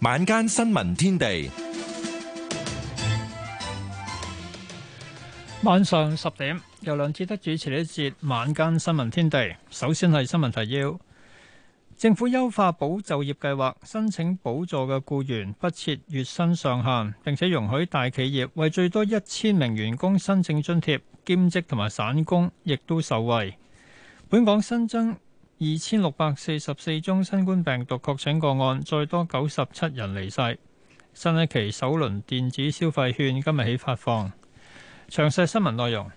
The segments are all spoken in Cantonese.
晚間新聞天地，晚上十點由梁志德主持呢一節晚間新聞天地。首先係新聞提要：政府優化保就業計劃，申請補助嘅僱員不設月薪上限，並且容許大企業為最多一千名員工申請津貼，兼職同埋散工亦都受惠。本港新增。二千六百四十四宗新冠病毒確診個案，再多九十七人離世。新一期首輪電子消費券今日起發放。詳細新聞內容。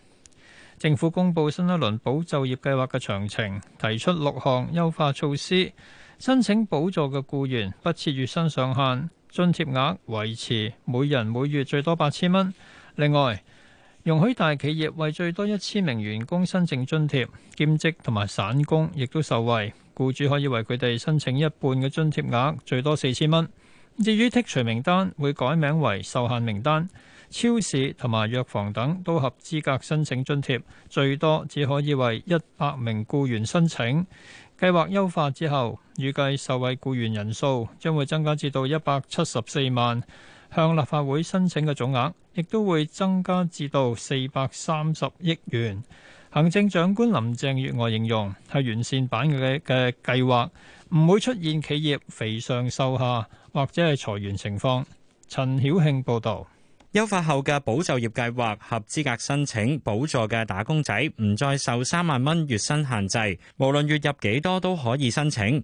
政府公布新一輪保就業計劃嘅詳情，提出六項優化措施。申請補助嘅僱員不設月薪上限，津貼額維持每人每月最多八千蚊。另外，容許大企業為最多一千名員工申請津貼，兼職同埋散工亦都受惠，僱主可以為佢哋申請一半嘅津貼額，最多四千蚊。至於剔除名單，會改名為受限名單。超市同埋藥房等都合資格申請津貼，最多只可以為一百名僱員申請。計劃優化之後，預計受惠僱員人數將會增加至到一百七十四萬。向立法會申請嘅總額亦都會增加至到四百三十億元。行政長官林鄭月娥形容係完善版嘅嘅計劃，唔會出現企業肥上瘦下或者係裁員情況。陳曉慶報導，優化後嘅保就業計劃合資格申請補助嘅打工仔唔再受三萬蚊月薪限制，無論月入幾多都可以申請。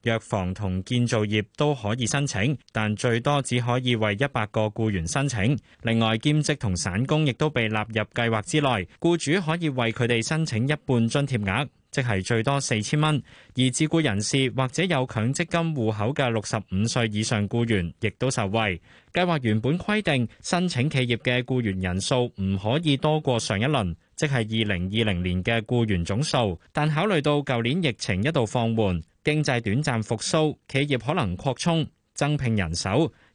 藥房同建造業都可以申請，但最多只可以為一百個僱員申請。另外，兼職同散工亦都被納入計劃之內，僱主可以為佢哋申請一半津貼額。即係最多四千蚊，而自雇人士或者有強積金戶口嘅六十五歲以上雇員亦都受惠。計劃原本規定申請企業嘅雇員人數唔可以多過上一輪，即係二零二零年嘅雇員總數。但考慮到舊年疫情一度放緩，經濟短暫復甦，企業可能擴充、增聘人手。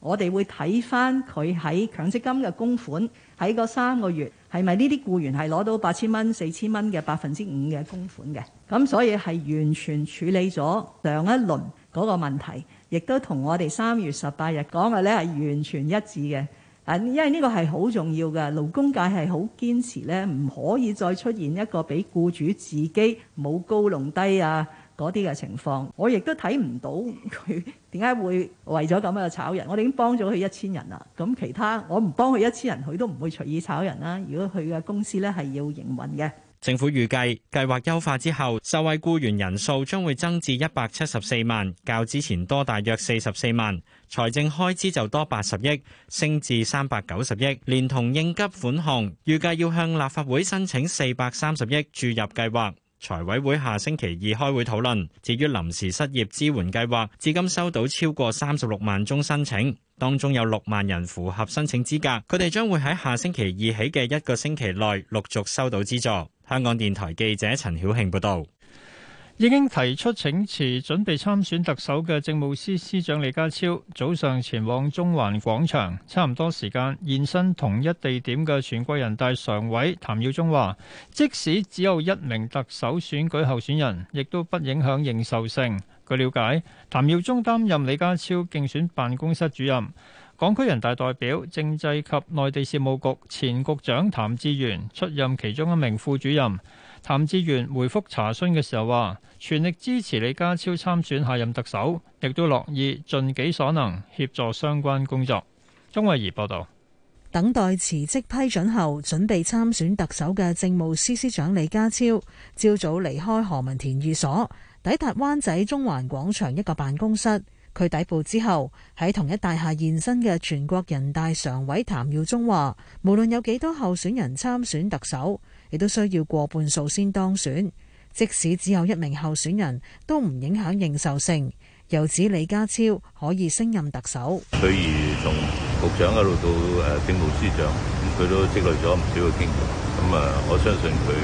我哋會睇翻佢喺強積金嘅供款，喺嗰三個月係咪呢啲僱員係攞到八千蚊、四千蚊嘅百分之五嘅供款嘅？咁所以係完全處理咗上一輪嗰個問題，亦都同我哋三月十八日講嘅咧係完全一致嘅。啊，因為呢個係好重要嘅，勞工界係好堅持咧，唔可以再出現一個俾僱主自己冇高隆低啊。嗰啲嘅情況，我亦都睇唔到佢點解會為咗咁樣炒人。我哋已經幫咗佢一千人啦，咁其他我唔幫佢一千人，佢都唔會隨意炒人啦。如果佢嘅公司咧係要營運嘅。政府預計計劃優化之後，受惠僱員人數將會增至一百七十四萬，較之前多大約四十四萬，財政開支就多八十億，升至三百九十億，連同應急款項，預計要向立法會申請四百三十億注入計劃。財委會下星期二開會討論。至於臨時失業支援計劃，至今收到超過三十六萬宗申請，當中有六萬人符合申請資格，佢哋將會喺下星期二起嘅一個星期內陸續收到資助。香港電台記者陳曉慶報道。已經提出請辭準備參選特首嘅政務司司長李家超，早上前往中環廣場。差唔多時間現身同一地點嘅全國人大常委譚耀宗話：即使只有一名特首選舉候選人，亦都不影響認受性。據了解，譚耀宗擔任李家超競選辦公室主任，港區人大代表政制及內地事務局前局長譚志源出任其中一名副主任。譚志源回覆查詢嘅時候話：全力支持李家超參選下任特首，亦都樂意盡己所能協助相關工作。鍾慧儀報道。等待辭職批准後，準備參選特首嘅政務司司長李家超，朝早離開何文田寓所，抵達灣仔中環廣場一個辦公室。佢抵步之後，喺同一大廈現身嘅全國人大常委譚耀宗話：無論有幾多候選人參選特首，亦都需要過半數先當選，即使只有一名候選人都唔影響認受性。又指李家超可以升任特首。佢如從局長一路到誒政務司長，佢都積累咗唔少嘅經驗。咁啊，我相信佢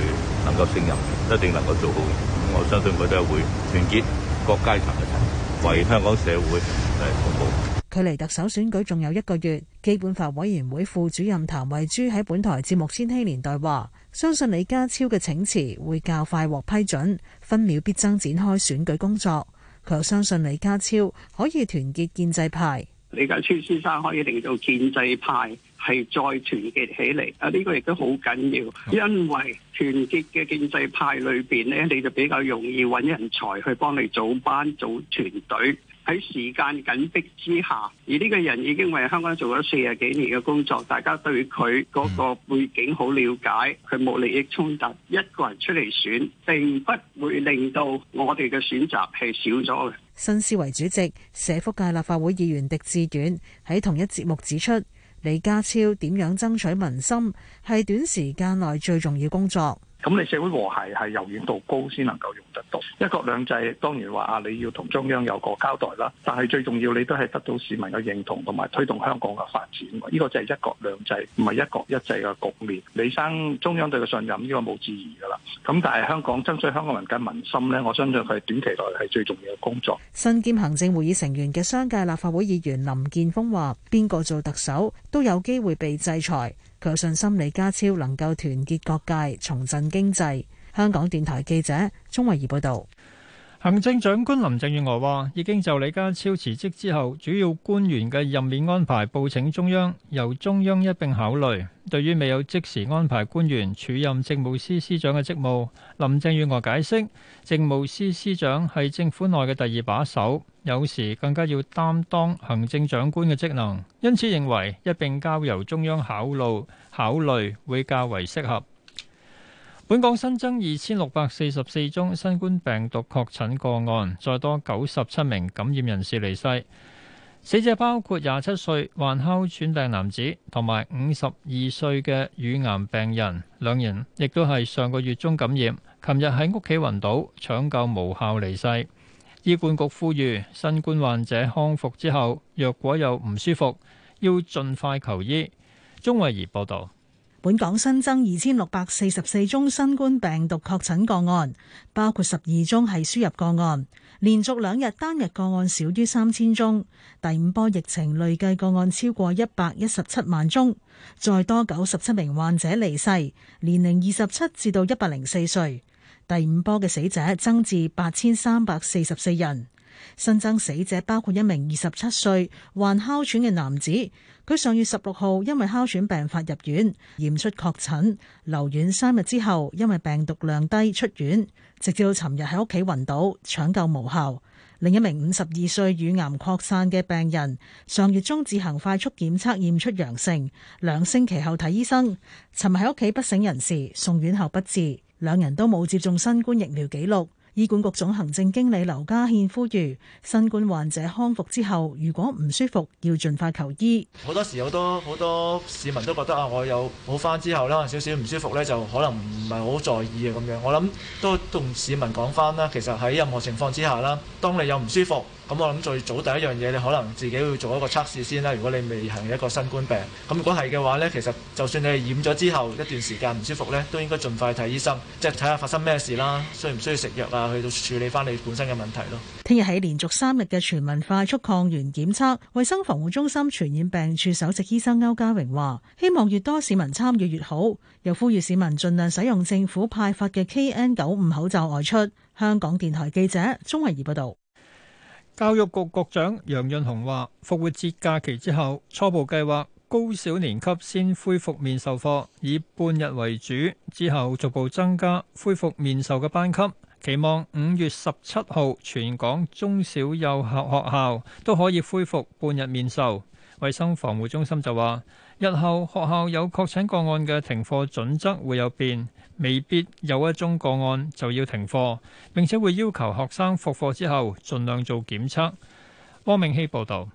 能夠勝任，一定能夠做好。我相信佢都係會團結各階層嘅人，為香港社會誒服務。距離特首選舉仲有一個月，基本法委員會副主任譚慧珠喺本台節目《千禧年代》話。相信李家超嘅請辭會較快獲批准，分秒必爭展開選舉工作。佢又相信李家超可以團結建制派，李家超先生可以令到建制派系再團結起嚟。啊，呢個亦都好緊要，因為團結嘅建制派裏邊咧，你就比較容易揾人才去幫你組班組團隊。喺時間緊迫之下，而呢個人已經為香港做咗四十幾年嘅工作，大家對佢嗰個背景好了解，佢冇利益衝突，一個人出嚟選並不會令到我哋嘅選擇係少咗嘅。新思維主席、社福界立法會議員狄志遠喺同一節目指出，李家超點樣爭取民心，係短時間內最重要工作。咁你社會和諧係由遠到高先能夠用得到一國兩制。當然話啊，你要同中央有個交代啦。但係最重要，你都係得到市民嘅認同，同埋推動香港嘅發展。呢個就係一國兩制，唔係一國一制嘅局面。李生，中央對佢信任，呢個冇置疑噶啦。咁但係香港爭取香港民間民心呢，我相信佢係短期內係最重要嘅工作。新兼行政會議成員嘅商界立法會議員林健鋒話：邊個做特首都有機會被制裁。有信心李家超能夠團結各界，重振經濟。香港電台記者鍾慧儀報道。行政長官林鄭月娥話：已經就李家超辭職之後主要官員嘅任免安排報請中央，由中央一並考慮。對於未有即時安排官員署任政務司司長嘅職務，林鄭月娥解釋：政務司司長係政府內嘅第二把手，有時更加要擔當行政長官嘅職能，因此認為一並交由中央考慮，考慮會較為適合。本港新增二千六百四十四宗新冠病毒確診個案，再多九十七名感染人士離世。死者包括廿七歲患哮喘病男子，同埋五十二歲嘅乳癌病人，兩人亦都係上個月中感染，琴日喺屋企暈倒，搶救無效離世。醫管局呼籲新冠患者康復之後，若果有唔舒服，要盡快求醫，鍾慧儀報道。本港新增二千六百四十四宗新冠病毒確診個案，包括十二宗係輸入個案，連續兩日單日個案少於三千宗。第五波疫情累計個案超過一百一十七萬宗，再多九十七名患者離世，年齡二十七至到一百零四歲。第五波嘅死者增至八千三百四十四人，新增死者包括一名二十七歲患哮喘嘅男子。佢上月十六號因為哮喘病發入院，驗出確診，留院三日之後，因為病毒量低出院，直至到尋日喺屋企暈倒，搶救無效。另一名五十二歲乳癌擴散嘅病人，上月中自行快速檢測驗出陽性，兩星期後睇醫生，尋日喺屋企不省人事，送院後不治，兩人都冇接種新冠疫苗記錄。醫管局總行政經理劉家憲呼籲：新冠患者康復之後，如果唔舒服，要盡快求醫。好多時好多好多市民都覺得啊，我有好翻之後啦，少少唔舒服咧，就可能唔係好在意啊咁樣。我諗都同市民講翻啦，其實喺任何情況之下啦，當你有唔舒服。咁我諗最早第一樣嘢，你可能自己會做一個測試先啦。如果你未行一個新冠病，咁如果係嘅話呢，其實就算你染咗之後一段時間唔舒服呢，都應該盡快睇醫生，即係睇下發生咩事啦，需唔需要食藥啊，去到處理翻你本身嘅問題咯。聽日喺連續三日嘅全民快速抗原檢測，衞生防護中心傳染病處首席醫生歐家榮話：希望越多市民參與越好，又呼籲市民儘量使用政府派發嘅 KN 九五口罩外出。香港電台記者鍾慧儀報道。教育局局長楊潤雄話：復活節假期之後，初步計劃高小年級先恢復面授課，以半日為主，之後逐步增加恢復面授嘅班級。期望五月十七號全港中小幼校學校都可以恢復半日面授。衛生防護中心就話，日後學校有確診個案嘅停課準則會有變。未必有一宗個案就要停課，並且會要求學生復課之後盡量做檢測。汪明希報道。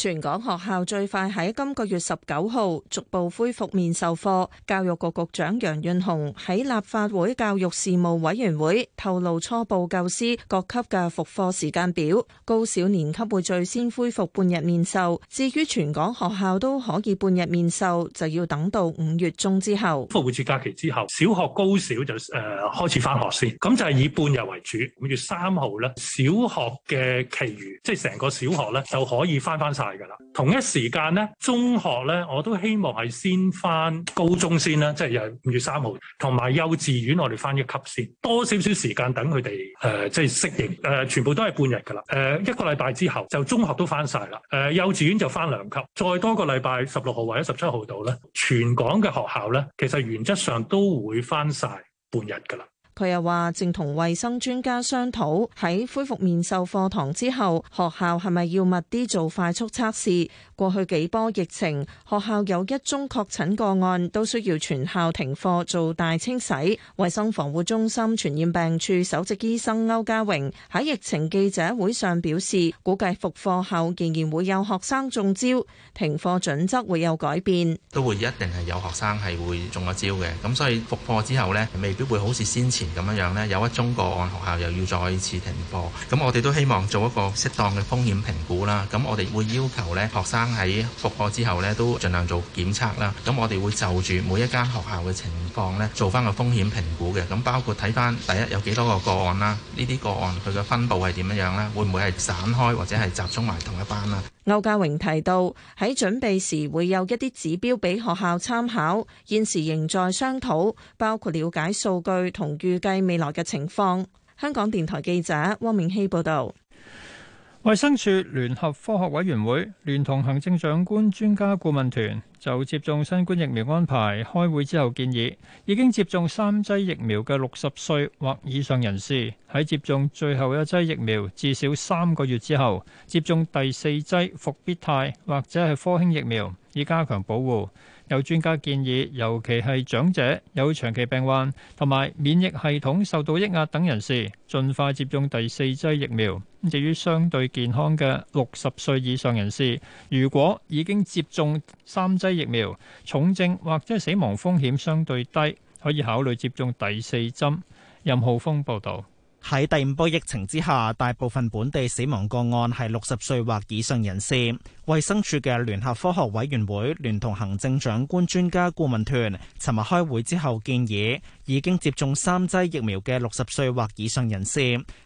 全港學校最快喺今個月十九號逐步恢復面授課。教育局局長楊潤雄喺立法會教育事務委員會透露初步教師各級嘅復課時間表，高小年級會最先恢復半日面授，至於全港學校都可以半日面授，就要等到五月中之後。復活節假期之後，小學高小就誒、呃、開始翻學先，咁就係以半日為主。五月三號呢，小學嘅其餘即係成個小學呢，就可以翻翻晒。係噶啦，同一時間咧，中學咧我都希望係先翻高中先啦，即係由五月三號，同埋幼稚園我哋翻一級先，多少少時間等佢哋誒，即係適應誒、呃，全部都係半日噶啦，誒、呃、一個禮拜之後就中學都翻晒啦，誒、呃、幼稚園就翻兩級，再多個禮拜十六號或者十七號度咧，全港嘅學校咧，其實原則上都會翻晒半日噶啦。佢又話正同衛生專家商討，喺恢復面授課堂之後，學校係咪要密啲做快速測試。過去幾波疫情，學校有一宗確診個案，都需要全校停課做大清洗。衛生防護中心傳染病處首席醫生歐家榮喺疫情記者會上表示，估計復課後仍然會有學生中招，停課準則會有改變。都會一定係有學生係會中咗招嘅，咁所以復課之後咧，未必會好似先前。咁樣樣咧，有一宗個案，學校又要再次停課。咁我哋都希望做一個適當嘅風險評估啦。咁我哋會要求咧學生喺復課之後咧都盡量做檢測啦。咁我哋會就住每一間學校嘅情況咧做返個風險評估嘅。咁包括睇返第一有幾多個個案啦，呢啲個案佢嘅分佈係點樣樣咧？會唔會係散開或者係集中埋同一班啊？歐家榮提到，喺準備時會有一啲指標俾學校參考，現時仍在商討，包括了解數據同預計未來嘅情況。香港電台記者汪明希報道。衛生署聯合科學委員會聯同行政長官專家顧問團就接種新冠疫苗安排開會之後建議，已經接種三劑疫苗嘅六十歲或以上人士喺接種最後一劑疫苗至少三個月之後接種第四劑復必泰，或者係科興疫苗，以加強保護。有專家建議，尤其係長者、有長期病患同埋免疫系統受到抑壓等人士，盡快接種第四劑疫苗。至於相對健康嘅六十歲以上人士，如果已經接種三劑疫苗，重症或者死亡風險相對低，可以考慮接種第四針。任浩峰報導。喺第五波疫情之下，大部分本地死亡個案係六十歲或以上人士。衛生署嘅聯合科學委員會聯同行政長官專家顧問團，尋日開會之後建議。已經接種三劑疫苗嘅六十歲或以上人士，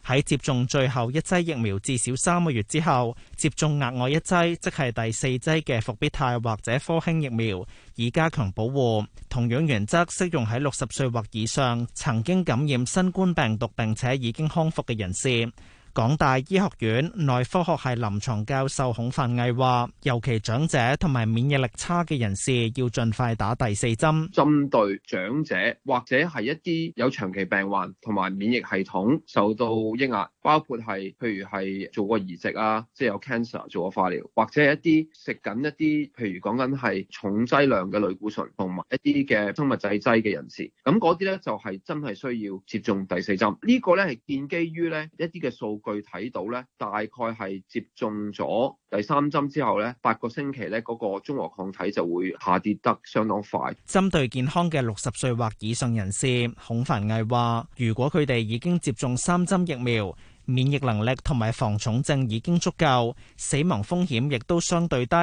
喺接種最後一劑疫苗至少三個月之後，接種額外一劑，即係第四劑嘅復必泰或者科興疫苗，以加強保護。同樣原則適用喺六十歲或以上曾經感染新冠病毒並且已經康復嘅人士。港大醫學院內科學系臨床教授孔凡毅話：尤其長者同埋免疫力差嘅人士，要盡快打第四針。針對長者或者係一啲有長期病患同埋免疫系統受到抑壓，包括係譬如係做過移植啊，即係有 cancer 做過化療，或者係一啲食緊一啲譬如講緊係重劑量嘅類固醇同埋一啲嘅生物製劑嘅人士，咁嗰啲咧就係真係需要接種第四針。呢、呢個咧係建基於咧一啲嘅數。具體到咧，大概係接種咗第三針之後咧，八個星期咧，嗰個中和抗體就會下跌得相當快。針對健康嘅六十歲或以上人士，孔繁毅話：如果佢哋已經接種三針疫苗，免疫能力同埋防重症已經足夠，死亡風險亦都相對低。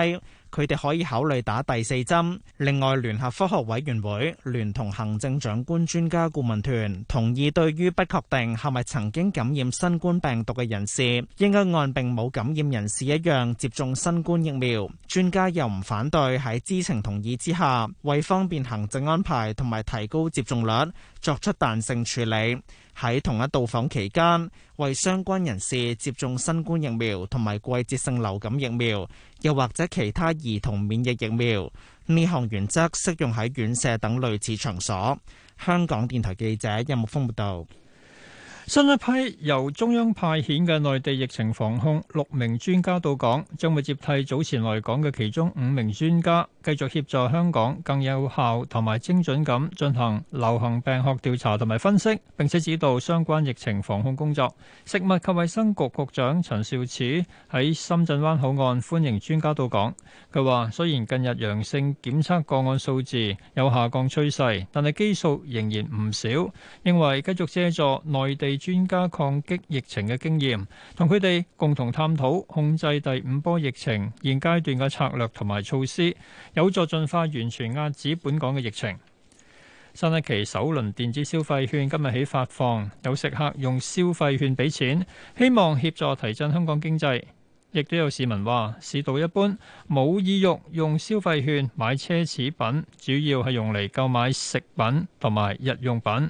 佢哋可以考慮打第四針。另外，聯合科學委員會聯同行政長官專家顧問團同意，對於不確定係咪曾經感染新冠病毒嘅人士，應該按並冇感染人士一樣接種新冠疫苗。專家又唔反對喺知情同意之下，為方便行政安排同埋提高接種率，作出彈性處理。喺同一到訪期間，為相關人士接種新冠疫苗同埋季節性流感疫苗，又或者其他兒童免疫疫苗。呢項原則適用喺院舍等類似場所。香港電台記者任木豐報道。新一批由中央派遣嘅內地疫情防控六名專家到港，將會接替早前來港嘅其中五名專家，繼續協助香港更有效同埋精準咁進行流行病學調查同埋分析，並且指導相關疫情防控工作。食物及衛生局局長陳肇始喺深圳灣口岸歡迎專家到港。佢話雖然近日陽性檢測個案數字有下降趨勢，但係基數仍然唔少，認為繼續借助內地。專家抗擊疫情嘅經驗同佢哋共同探討控制第五波疫情現階段嘅策略同埋措施，有助進化完全壓止本港嘅疫情。新一期首輪電子消費券今日起發放，有食客用消費券俾錢，希望協助提振香港經濟。亦都有市民話市道一般，冇意欲用消費券買奢侈品，主要係用嚟購買食品同埋日用品。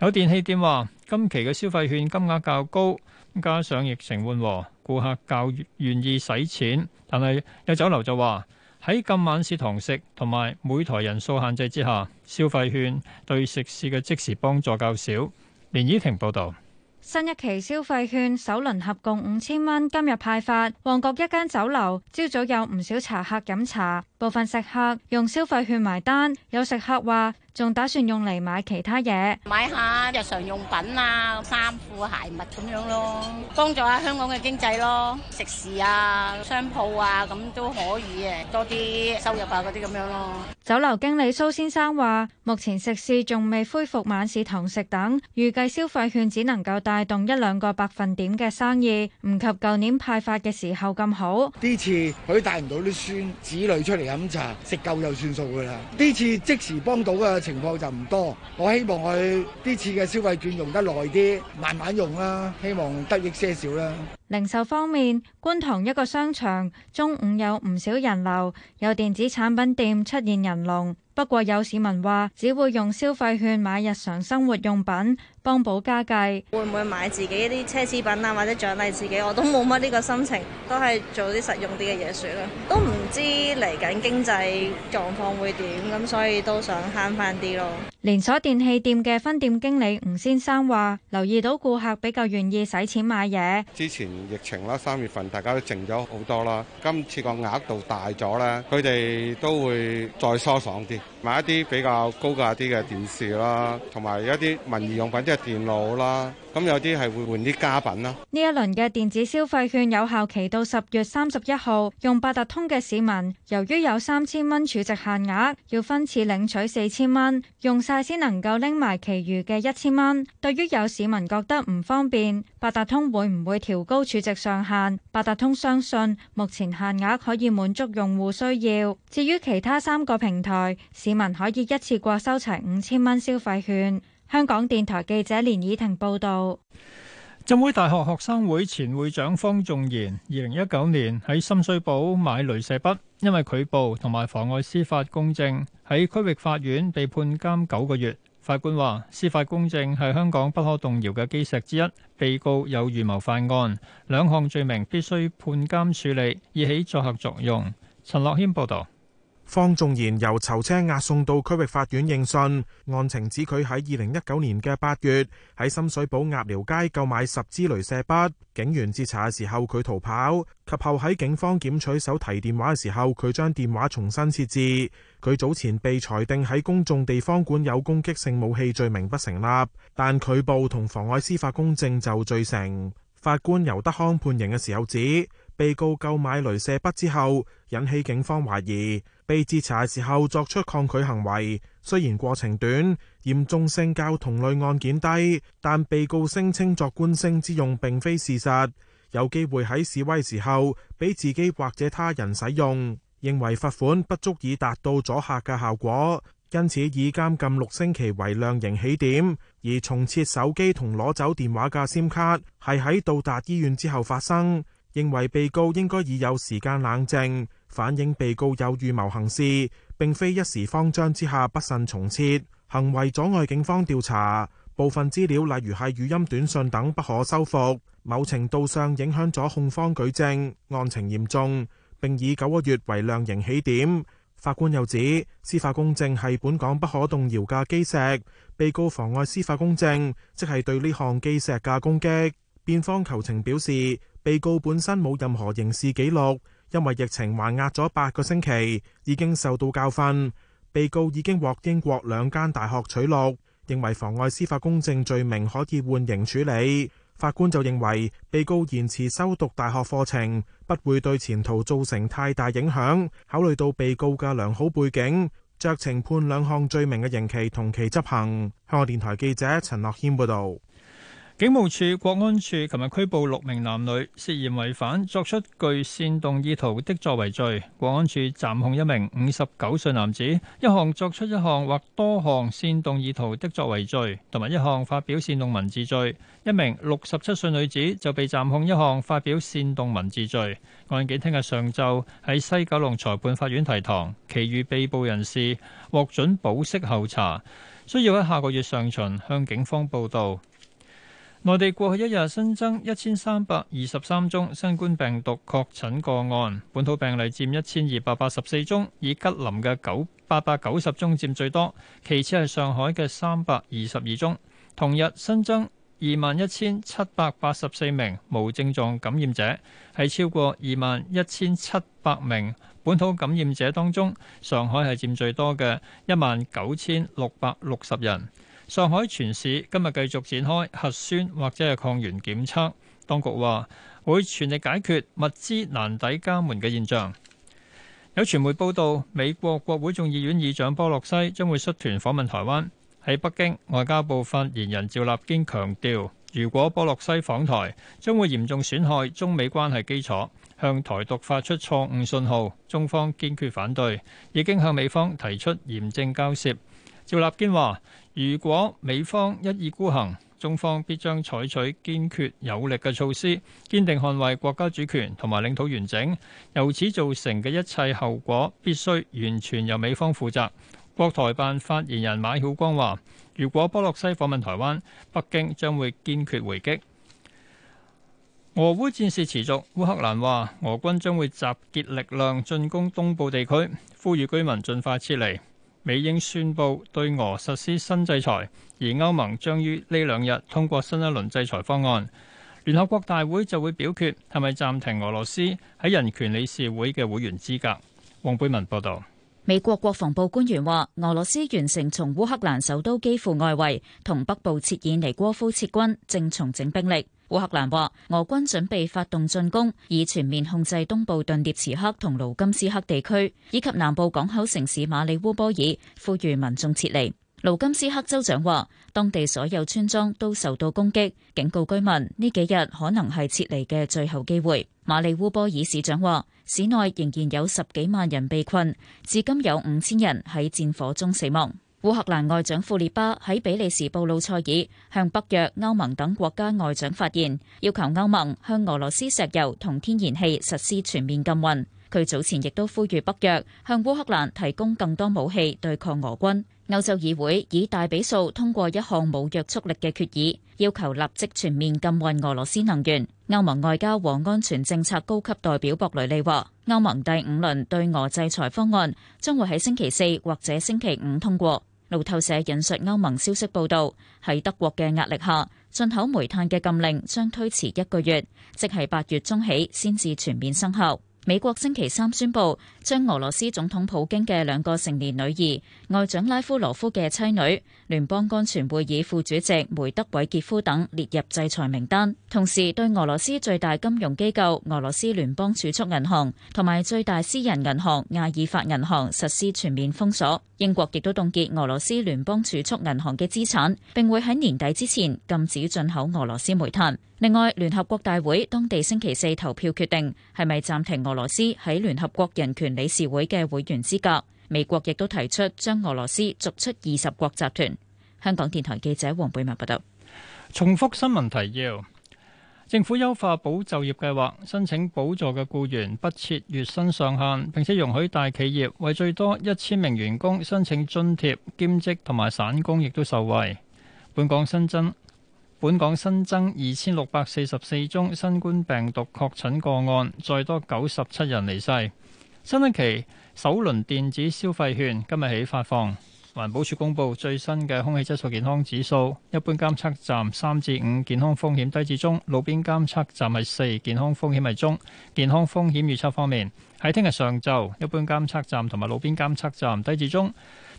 有電器店話。今期嘅消費券金額較高，加上疫情緩和，顧客較願意使錢。但係有酒樓就話，喺今晚市堂食同埋每台人數限制之下，消費券對食肆嘅即時幫助較少。連依婷報導，新一期消費券首輪合共五千蚊，今日派發。旺角一間酒樓朝早有唔少茶客飲茶，部分食客用消費券埋單，有食客話。仲打算用嚟買其他嘢，買下日常用品啊、衫褲鞋襪咁樣咯，幫助下香港嘅經濟咯，食肆啊、商鋪啊咁都可以嘅，多啲收入啊嗰啲咁樣咯。酒樓經理蘇先生話：目前食肆仲未恢復晚市堂食等，預計消費券只能夠帶動一兩個百分點嘅生意，唔及舊年派發嘅時候咁好。呢次佢帶唔到啲孫子女出嚟飲茶，食夠就算數噶啦。呢次即時幫到嘅。情況就唔多，我希望佢呢次嘅消費券用得耐啲，慢慢用啦，希望得益些少啦。零售方面，觀塘一個商場中午有唔少人流，有電子產品店出現人龍，不過有市民話只會用消費券買日常生活用品。幫補家計，會唔會買自己一啲奢侈品啊？或者獎勵自己，我都冇乜呢個心情，都係做啲實用啲嘅嘢算啦。都唔知嚟緊經濟狀況會點，咁所以都想慳翻啲咯。連鎖電器店嘅分店經理吳先生話：留意到顧客比較願意使錢買嘢。之前疫情啦，三月份大家都靜咗好多啦。今次個額度大咗咧，佢哋都會再疏爽啲，買一啲比較高價啲嘅電視啦，同埋一啲文儀用品。嘅電腦啦，咁有啲係會換啲家品啦。呢一輪嘅電子消費券有效期到十月三十一號。用八達通嘅市民，由於有三千蚊儲值限額，要分次領取四千蚊，用晒先能夠拎埋其餘嘅一千蚊。對於有市民覺得唔方便，八達通會唔會調高儲值上限？八達通相信目前限額可以滿足用戶需要。至於其他三個平台，市民可以一次過收齊五千蚊消費券。香港電台記者連綺婷報道，浸會大學學生會前會長方仲賢，二零一九年喺深水埗買鐳射筆，因為拒捕同埋妨礙司法公正，喺區域法院被判監九個月。法官話，司法公正係香港不可動搖嘅基石之一，被告有預謀犯案，兩項罪名必須判監處理，以起作合作用。陳樂謙報道。方仲賢由囚車押送到區域法院應訊，案情指佢喺二零一九年嘅八月喺深水埗鴨寮街購買十支鐳射筆，警員截查嘅時候佢逃跑，及後喺警方檢取手提電話嘅時候，佢將電話重新設置。佢早前被裁定喺公眾地方管有攻擊性武器罪名不成立，但拒捕同妨礙司法公正就罪成。法官尤德康判刑嘅時候指，被告購買鐳射筆之後引起警方懷疑。被截查時候作出抗拒行為，雖然過程短，嚴重性較同類案件低，但被告聲稱作觀星之用並非事實，有機會喺示威時候俾自己或者他人使用，認為罰款不足以達到阻嚇嘅效果，因此以監禁六星期為量刑起點，而重設手機同攞走電話嘅 SIM 卡係喺到達醫院之後發生。認為被告應該已有時間冷靜，反映被告有預謀行事，並非一時慌張之下不慎重設，行為阻礙警方調查，部分資料例如係語音短信等不可修復，某程度上影響咗控方舉證，案情嚴重，並以九個月為量刑起點。法官又指，司法公正係本港不可動搖嘅基石，被告妨礙司法公正，即係對呢項基石嘅攻擊。辯方求情表示，被告本身冇任何刑事記錄，因為疫情還押咗八個星期，已經受到教訓。被告已經獲英國兩間大學取錄，認為妨礙司法公正罪名可以緩刑處理。法官就認為，被告延遲修讀大學課程不會對前途造成太大影響，考慮到被告嘅良好背景，酌情判兩項罪名嘅刑期同期執行。香港電台記者陳樂謙報道。警務處國安處琴日拘捕六名男女，涉嫌違反作出具煽動意圖的作為罪。國安處暫控一名五十九歲男子，一項作出一項或多項煽動意圖的作為罪，同埋一項發表煽動文字罪。一名六十七歲女子就被暫控一項發表煽動文字罪。案件聽日上晝喺西九龍裁判法院提堂，其餘被捕人士獲准保釋候查，需要喺下個月上旬向警方報到。內地過去一日新增一千三百二十三宗新冠病毒確診個案，本土病例佔一千二百八十四宗，以吉林嘅九八百九十宗佔最多，其次係上海嘅三百二十二宗。同日新增二萬一千七百八十四名無症狀感染者，係超過二萬一千七百名本土感染者當中，上海係佔最多嘅一萬九千六百六十人。上海全市今日繼續展開核酸或者係抗原檢測。當局話會全力解決物資難抵家門嘅現象。有傳媒報道，美國國會眾議院議長波洛西將會率團訪問台灣。喺北京，外交部發言人趙立堅強調，如果波洛西訪台，將會嚴重損害中美關係基礎，向台獨發出錯誤信號。中方堅決反對，已經向美方提出嚴正交涉。趙立堅話，如果美方一意孤行，中方必將採取堅決有力嘅措施，堅定捍衛國家主權同埋領土完整。由此造成嘅一切後果，必須完全由美方負責。國台辦發言人馬曉光話，如果波洛西訪問台灣，北京將會堅決回擊。俄烏戰事持續，烏克蘭話，俄軍將會集結力量進攻東部地區，呼籲居民盡快撤離。美英宣布對俄實施新制裁，而歐盟將於呢兩日通過新一輪制裁方案。聯合國大會就會表決係咪暫停俄羅斯喺人權理事會嘅會員資格。黃貝文報道。美國國防部官員話，俄羅斯完成從烏克蘭首都基輔外圍同北部切爾尼戈夫撤軍，正重整兵力。烏克蘭話，俄軍準備發動進攻，以全面控制東部頓涅茨克同盧甘斯克地區，以及南部港口城市馬里烏波爾，呼籲民眾撤離。盧甘斯克州長話，當地所有村莊都受到攻擊，警告居民呢幾日可能係撤離嘅最後機會。馬里烏波爾市長話，市內仍然有十幾萬人被困，至今有五千人喺戰火中死亡。烏克蘭外長庫列巴喺比利時布魯塞爾向北約、歐盟等國家外長發言，要求歐盟向俄羅斯石油同天然氣實施全面禁運。佢早前亦都呼籲北約向烏克蘭提供更多武器對抗俄軍。歐洲議會以大比數通過一項冇約束力嘅決議，要求立即全面禁運俄羅斯能源。歐盟外交和安全政策高級代表博雷利話，歐盟第五輪對俄制裁方案將會喺星期四或者星期五通過。路透社引述歐盟消息報道，喺德國嘅壓力下，進口煤炭嘅禁令將推遲一個月，即係八月中起先至全面生效。美國星期三宣布，將俄羅斯總統普京嘅兩個成年女兒、外長拉夫羅夫嘅妻女、聯邦安全會議副主席梅德韋傑夫等列入制裁名單，同時對俄羅斯最大金融機構俄羅斯聯邦儲蓄銀行同埋最大私人銀行阿爾法銀行實施全面封鎖。英國亦都凍結俄羅斯聯邦儲蓄銀行嘅資產，並會喺年底之前禁止進口俄羅斯煤炭。另外，聯合國大會當地星期四投票決定，係咪暫停俄羅斯喺聯合國人權理事會嘅會員資格。美國亦都提出將俄羅斯逐出二十國集團。香港電台記者黃貝文報道。重複新聞提要。政府優化保就業計劃，申請補助嘅雇員不設月薪上限，並且容許大企業為最多一千名員工申請津貼，兼職同埋散工亦都受惠。本港新增本港新增二千六百四十四宗新冠病毒確診個案，再多九十七人離世。新一期首輪電子消費券今日起發放。環保署公布最新嘅空氣質素健康指數，一般監測站三至五，健康風險低至中；路邊監測站係四，健康風險係中。健康風險預測方面，喺聽日上晝，一般監測站同埋路邊監測站低至中；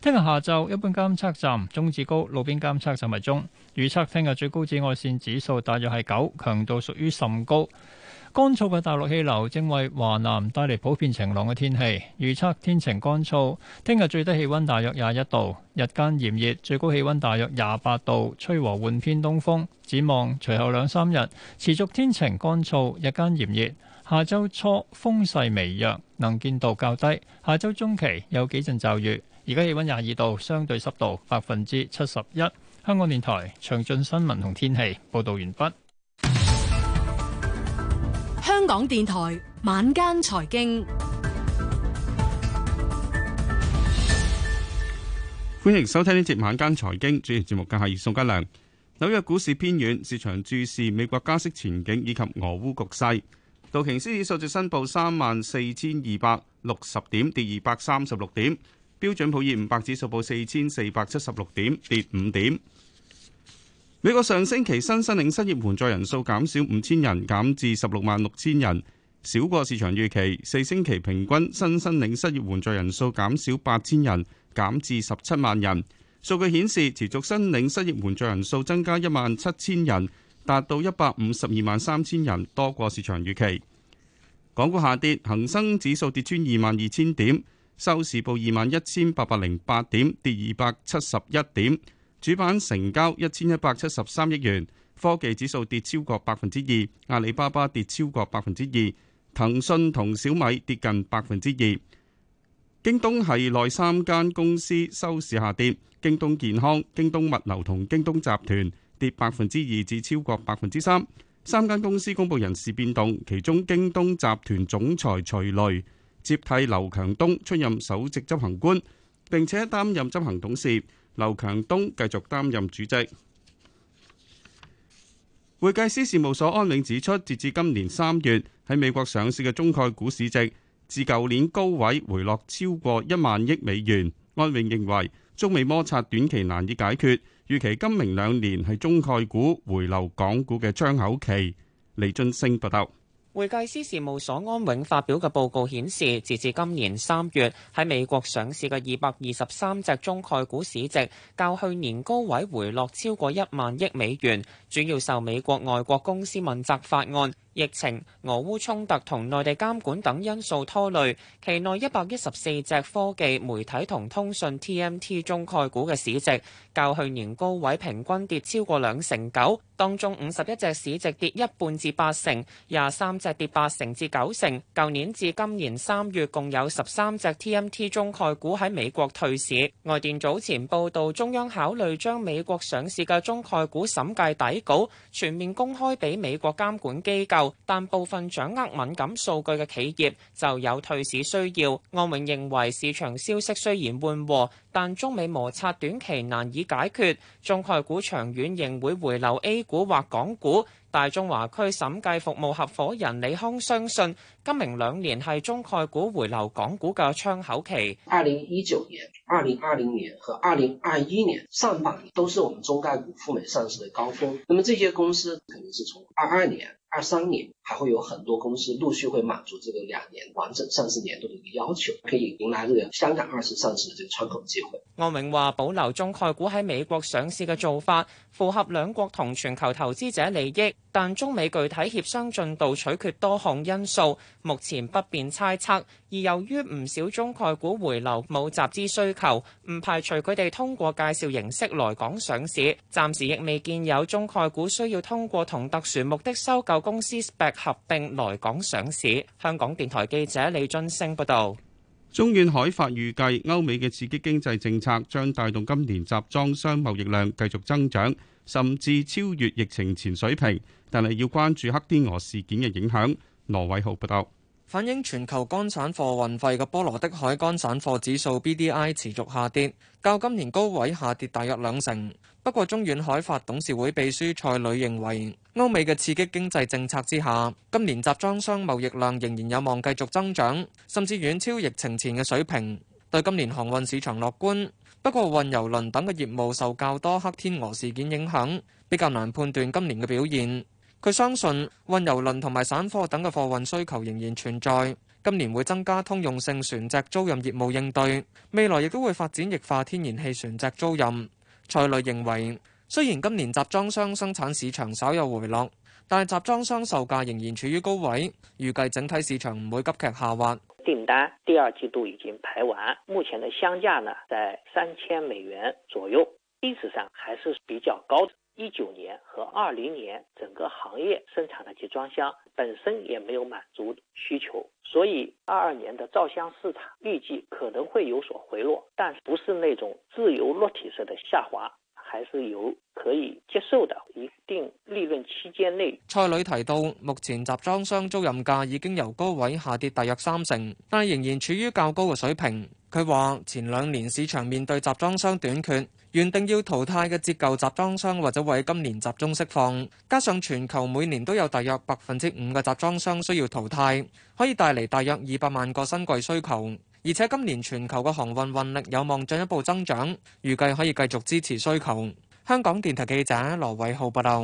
聽日下晝，一般監測站中至高，路邊監測站係中。預測聽日最高紫外線指數大約係九，強度屬於甚高。乾燥嘅大陸氣流正為華南帶嚟普遍晴朗嘅天氣，預測天晴乾燥，聽日最低氣温大約廿一度，日間炎熱，最高氣温大約廿八度，吹和緩偏東風，展望隨後兩三日持續天晴乾燥，日間炎熱。下周初風勢微弱，能見度較低，下周中期有幾陣驟雨。而家氣温廿二度，相對濕度百分之七十一。香港電台詳盡新聞同天氣報導完畢。香港電台晚間財經，歡迎收聽呢節晚間財經，主持節目嘅係宋嘉良。紐約股市偏軟，市場注視美國加息前景以及俄烏局勢。道瓊斯指數申報三萬四千二百六十點，跌二百三十六點。標準普爾五百指數報四千四百七十六點，跌五點。美國上星期新申領失業援助人數減少五千人，減至十六萬六千人，少過市場預期。四星期平均新申領失業援助人數減少八千人，減至十七萬人。數據顯示，持續申領失業援助人數增加一萬七千人，達到一百五十二萬三千人，多過市場預期。港股下跌，恒生指數跌穿二萬二千點，收市報二萬一千八百零八點，跌二百七十一點。主板成交一千一百七十三億元，科技指數跌超過百分之二，阿里巴巴跌超過百分之二，騰訊同小米跌近百分之二，京東系內三間公司收市下跌，京東健康、京東物流同京東集團跌百分之二至超過百分之三，三間公司公佈人事變動，其中京東集團總裁徐雷接替劉強東出任首席執行官，並且擔任執行董事。劉強東繼續擔任主席。會計師事務所安永指出，截至今年三月喺美國上市嘅中概股市值，自舊年高位回落超過一萬億美元。安永認為中美摩擦短期難以解決，預期今明兩年係中概股回流港股嘅窗口期。李津升報道。會計師事務所安永發表嘅報告顯示，截至今年三月，喺美國上市嘅二百二十三隻中概股市值，較去年高位回落超過一萬億美元，主要受美國外國公司問責法案、疫情、俄烏衝突同內地監管等因素拖累，期內一百一十四隻科技、媒體同通訊 TMT 中概股嘅市值，較去年高位平均跌超過兩成九。當中五十一隻市值跌一半至八成，廿三隻跌八成至九成。舊年至今年三月，共有十三隻 TMT 中概股喺美國退市。外電早前報道，中央考慮將美國上市嘅中概股審計底稿全面公開俾美國監管機構。但部分掌握敏感數據嘅企業就有退市需要。安永認為市場消息雖然緩和，但中美摩擦短期難以解決，中概股長遠仍會回流 A 股或港股。大中華區審計服務合夥人李康相信，今明兩年係中概股回流港股嘅窗口期。二零一九年、二零二零年和二零二一年上半年都是我們中概股赴美上市嘅高峰，那麼這些公司肯定是從二二年。二三年。還會有很多公司陸續會滿足這個兩年完整上市年度的一個要求，可以迎來這個香港二次上市的這個窗口機會。安永話保留中概股喺美國上市嘅做法符合兩國同全球投資者利益，但中美具體協商進度取決多項因素，目前不便猜測。而由於唔少中概股回流冇集資需求，唔排除佢哋通過介紹形式來港上市。暫時亦未見有中概股需要通過同特殊目的收購公司。合併來港上市。香港電台記者李津升報道。中遠海發預計，歐美嘅刺激經濟政策將帶動今年集裝箱貿易量繼續增長，甚至超越疫情前水平。但係要關注黑天鵝事件嘅影響。羅偉豪報道。反映全球乾散貨運費嘅波羅的海乾散貨指數 BDI 持續下跌，較今年高位下跌大約兩成。不過，中遠海發董事會秘書蔡磊認為。歐美嘅刺激經濟政策之下，今年集裝箱貿易量仍然有望繼續增長，甚至遠超疫情前嘅水平。對今年航運市場樂觀，不過運油輪等嘅業務受較多黑天鵝事件影響，比較難判斷今年嘅表現。佢相信運油輪同埋散貨等嘅貨運需求仍然存在，今年會增加通用性船隻租賃業務應對，未來亦都會發展液化天然氣船隻租賃。蔡磊認為。雖然今年集裝箱生產市場稍有回落，但係集裝箱售價仍然處於高位，預計整體市場唔會急劇下滑。訂單第二季度已經排完，目前的箱價呢，在三千美元左右，歷史上還是比較高的。一九年和二零年整個行業生產的集裝箱本身也沒有滿足需求，所以二二年的造箱市場預計可能會有所回落，但不是那種自由落體式的下滑。還是有可以接受的一定利潤期間內。蔡女提到，目前集裝箱租賃價已經由高位下跌大約三成，但仍然處於較高嘅水平。佢話，前兩年市場面對集裝箱短缺，原定要淘汰嘅折舊集裝箱或者為今年集中釋放，加上全球每年都有大約百分之五嘅集裝箱需要淘汰，可以帶嚟大約二百萬個新櫃需求。而且今年全球嘅航運運力有望進一步增長，預計可以繼續支持需求。香港電台記者羅偉浩報道。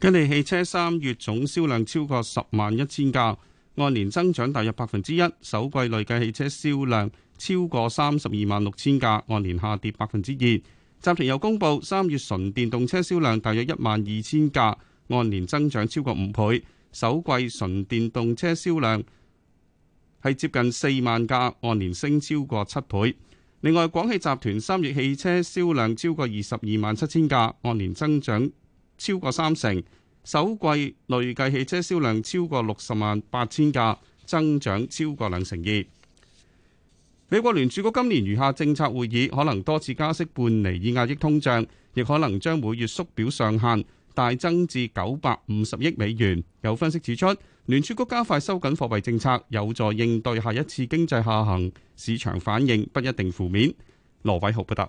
吉利汽車三月總銷量超過十萬一千架，按年增長大約百分之一。首季累計汽車銷量超過三十二萬六千架，按年下跌百分之二。集團又公布三月純電動車銷量大約一萬二千架，按年增長超過五倍。首季純電動車銷量係接近四萬架，按年升超過七倍。另外，廣汽集團三月汽車銷量超過二十二萬七千架，按年增長超過三成。首季累計汽車銷量超過六十萬八千架，增長超過兩成二。美國聯儲局今年餘下政策會議可能多次加息半厘，以壓抑通脹，亦可能將每月縮表上限大增至九百五十億美元。有分析指出，聯儲局加快收緊貨幣政策，有助應對下一次經濟下行，市場反應不一定負面。羅偉豪報道：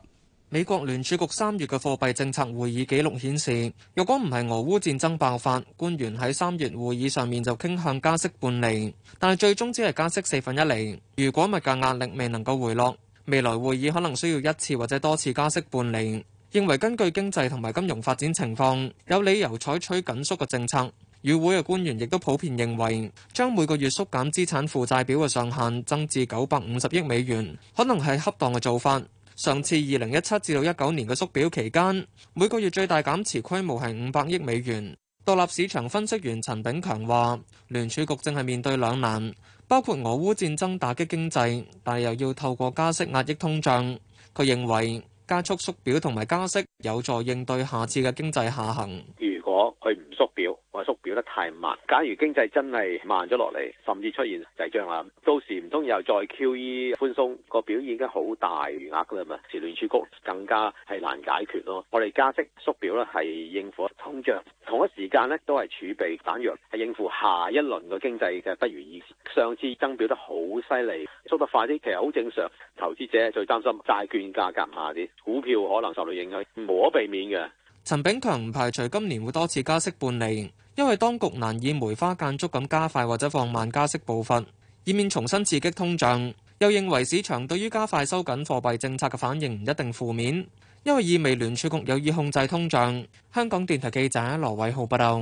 美國聯儲局三月嘅貨幣政策會議記錄顯示，若果唔係俄烏戰爭爆發，官員喺三月會議上面就傾向加息半釐，但係最終只係加息四分一厘。如果物價壓力未能夠回落，未來會議可能需要一次或者多次加息半釐。認為根據經濟同埋金融發展情況，有理由採取緊縮嘅政策。與會嘅官員亦都普遍認為，將每個月縮減資產負債表嘅上限增至九百五十億美元，可能係恰當嘅做法。上次二零一七至到一九年嘅縮表期間，每個月最大減持規模係五百億美元。獨立市場分析員陳炳強話：聯儲局正係面對兩難，包括俄烏戰爭打擊經濟，但又要透過加息壓抑通脹。佢認為加速縮表同埋加息有助應對下次嘅經濟下行。如果佢縮表，我話縮表得太慢。假如經濟真係慢咗落嚟，甚至出現滯脹啦，到時唔通又再 QE 寬鬆，個表已經好大餘額啦嘛。而聯儲局更加係難解決咯。我哋加息縮表咧係應付通脹，同一時間咧都係儲備彈藥，反而係應付下一輪嘅經濟嘅不如意。上次增表得好犀利，縮得快啲，其實好正常。投資者最擔心債券價格下跌，股票可能受到影響，無可避免嘅。陳炳強唔排除今年會多次加息半厘，因為當局難以梅花間竹咁加快或者放慢加息步伐，以免重新刺激通脹。又認為市場對於加快收緊貨幣政策嘅反應唔一定負面，因為意味聯儲局有意控制通脹。香港電台記者羅偉浩報道：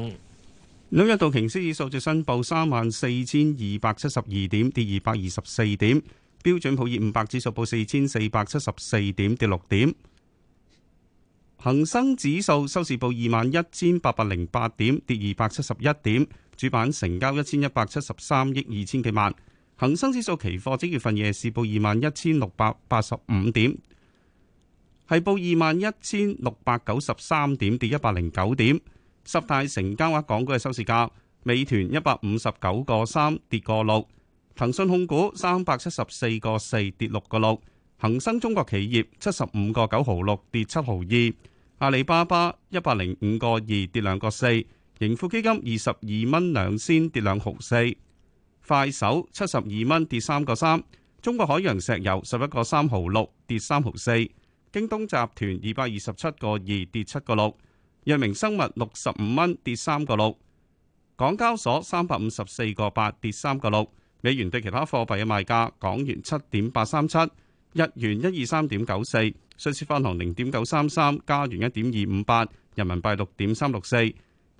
紐約道瓊斯指數申報三萬四千二百七十二點，跌二百二十四點；標準普爾五百指數報四千四百七十四點，跌六點。恒生指數收市報二萬一千八百零八點，跌二百七十一點。主板成交一千一百七十三億二千幾萬。恒生指數期貨即月份夜市報二萬一千六百八十五點，係報二萬一千六百九十三點，跌一百零九點。十大成交額港股嘅收市價：美團一百五十九個三跌個六，騰訊控股三百七十四個四跌六個六，恒生中國企業七十五個九毫六跌七毫二。阿里巴巴一百零五個二跌兩個四，盈富基金二十二蚊兩仙跌兩毫四，快手七十二蚊跌三個三，中國海洋石油十一個三毫六跌三毫四，京東集團二百二十七個二跌七個六，藥明生物六十五蚊跌三個六，港交所三百五十四個八跌三個六，美元兌其他貨幣嘅賣價，港元七點八三七，日元一二三點九四。瑞士法郎零點九三三，加元一點二五八，人民幣六點三六四，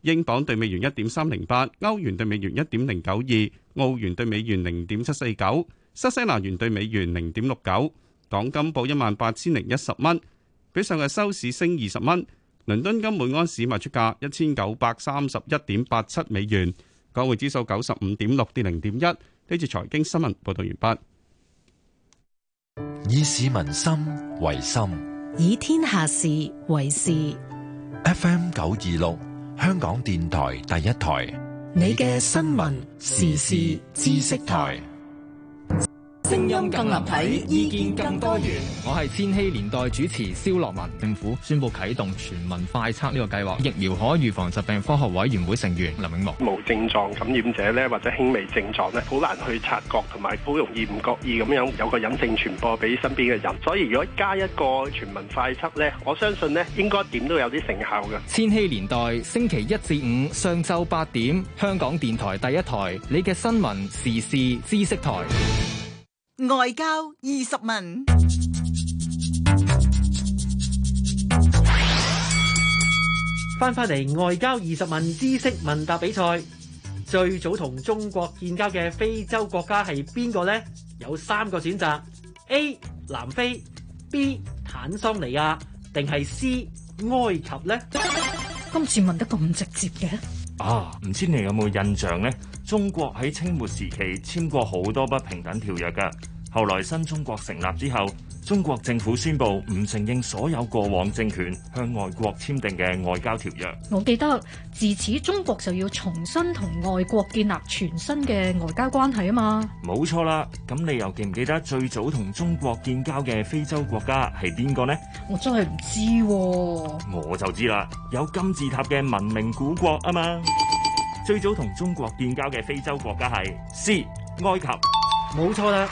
英鎊兌美元一點三零八，歐元兌美元一點零九二，澳元兌美元零點七四九，新西蘭元兌美元零點六九。港金報一萬八千零一十蚊，比上日收市升二十蚊。倫敦金每安士賣出價一千九百三十一點八七美元。港匯指數九十五點六跌零點一。呢節財經新聞報道完畢。以市民心。為心以天下事為事。FM 九二六香港電台第一台，你嘅新聞時事知識台。聲音更立體，意見更多元。我係千禧年代主持蕭樂文。政府宣布啟動全民快測呢個計劃。疫苗可預防疾病科學委員會成員林永樂。無症狀感染者呢，或者輕微症狀呢，好難去察覺，同埋好容易唔覺意咁樣有個隱性傳播俾身邊嘅人。所以如果加一個全民快測呢，我相信呢應該點都有啲成效㗎。千禧年代星期一至五上晝八點，香港電台第一台，你嘅新聞時事知識台。外交二十問，翻返嚟外交二十問知識問答比賽。最早同中國建交嘅非洲國家係邊個呢？有三個選擇：A 南非、B 坦桑尼亞，定係 C 埃及呢？今次問得咁直接嘅。啊，唔知你有冇印象呢？中國喺清末時期簽過好多不平等條約㗎，後來新中國成立之後，中國政府宣布唔承認所有過往政權向外國簽訂嘅外交條約。我記得自此中國就要重新同外國建立全新嘅外交關係啊嘛。冇錯啦，咁你又記唔記得最早同中國建交嘅非洲國家係邊個呢？我真係唔知啊。我就知啦，有金字塔嘅文明古國啊嘛。最早同中國建交嘅非洲國家係 C 埃及，冇錯啦。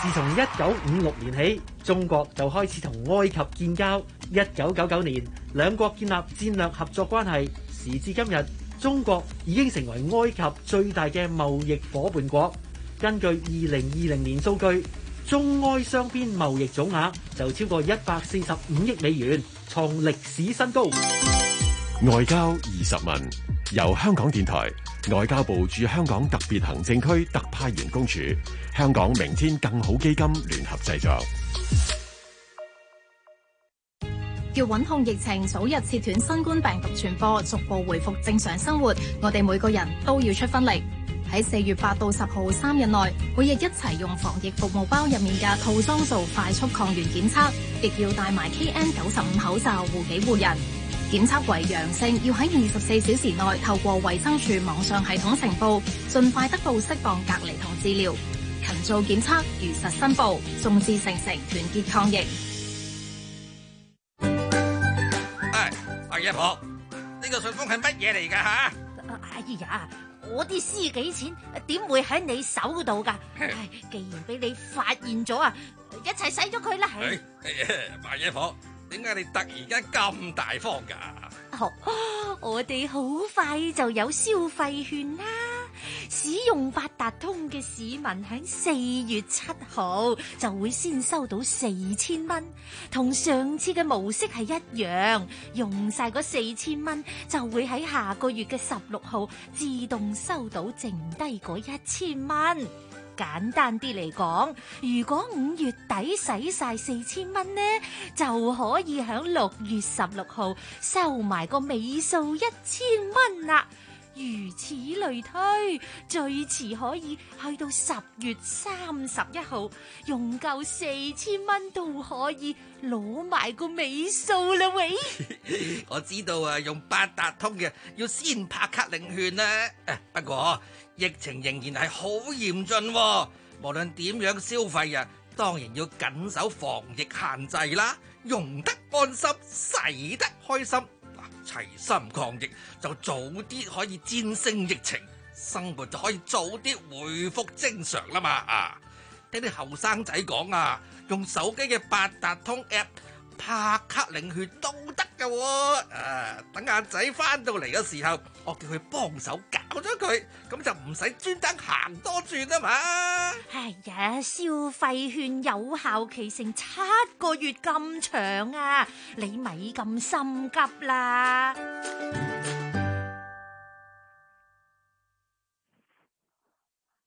自從一九五六年起，中國就開始同埃及建交。一九九九年，兩國建立戰略合作關係。時至今日，中國已經成為埃及最大嘅貿易夥伴國。根據二零二零年數據，中埃雙邊貿易總額就超過一百四十五億美元，創歷史新高。外交二十問。由香港電台、外交部駐香港特別行政區特派員公署、香港明天更好基金聯合製作。要穩控疫情，早日切斷新冠病毒傳播，逐步回復正常生活，我哋每個人都要出分力。喺四月八到十號三日內，每日一齊用防疫服務包入面嘅套裝做快速抗原檢測，亦要戴埋 KN 九十五口罩護己護人。檢測為陽性，要喺二十四小時內透過衛生署網上系統呈報，盡快得到適當隔離同治療。勤做檢測，如實申報，眾志成城，團結抗疫。哎，白爺婆，呢個信封係乜嘢嚟噶吓？哎呀，我啲私己錢點會喺你手度噶？既然俾你發現咗啊，一齊洗咗佢啦！哎，白爺婆。點解你突然間咁大方㗎？哦，我哋好快就有消費券啦！使用八達通嘅市民喺四月七號就會先收到四千蚊，同上次嘅模式係一樣。用晒嗰四千蚊就會喺下個月嘅十六號自動收到剩低嗰一千蚊。簡單啲嚟講，如果五月底使晒四千蚊呢，就可以響六月十六號收埋個尾數一千蚊啦。如此類推，最遲可以去到十月三十一號用夠四千蚊都可以攞埋個尾數啦，喂！ 我知道啊，用八達通嘅要先拍卡領券啦。啊，不過。疫情仍然係好嚴峻、啊，無論點樣消費啊，當然要緊守防疫限制啦。用得安心，使得開心，嗱、啊，齊心抗疫就早啲可以戰勝疫情，生活就可以早啲回復正常啦嘛！啊，聽啲後生仔講啊，用手機嘅八達通 App 拍卡領券都得㗎喎，啊，等阿仔翻到嚟嘅時候。我叫佢幫手搞咗佢，咁就唔使專登行多轉啊嘛！哎呀，消費券有效期成七個月咁長啊，你咪咁心急啦！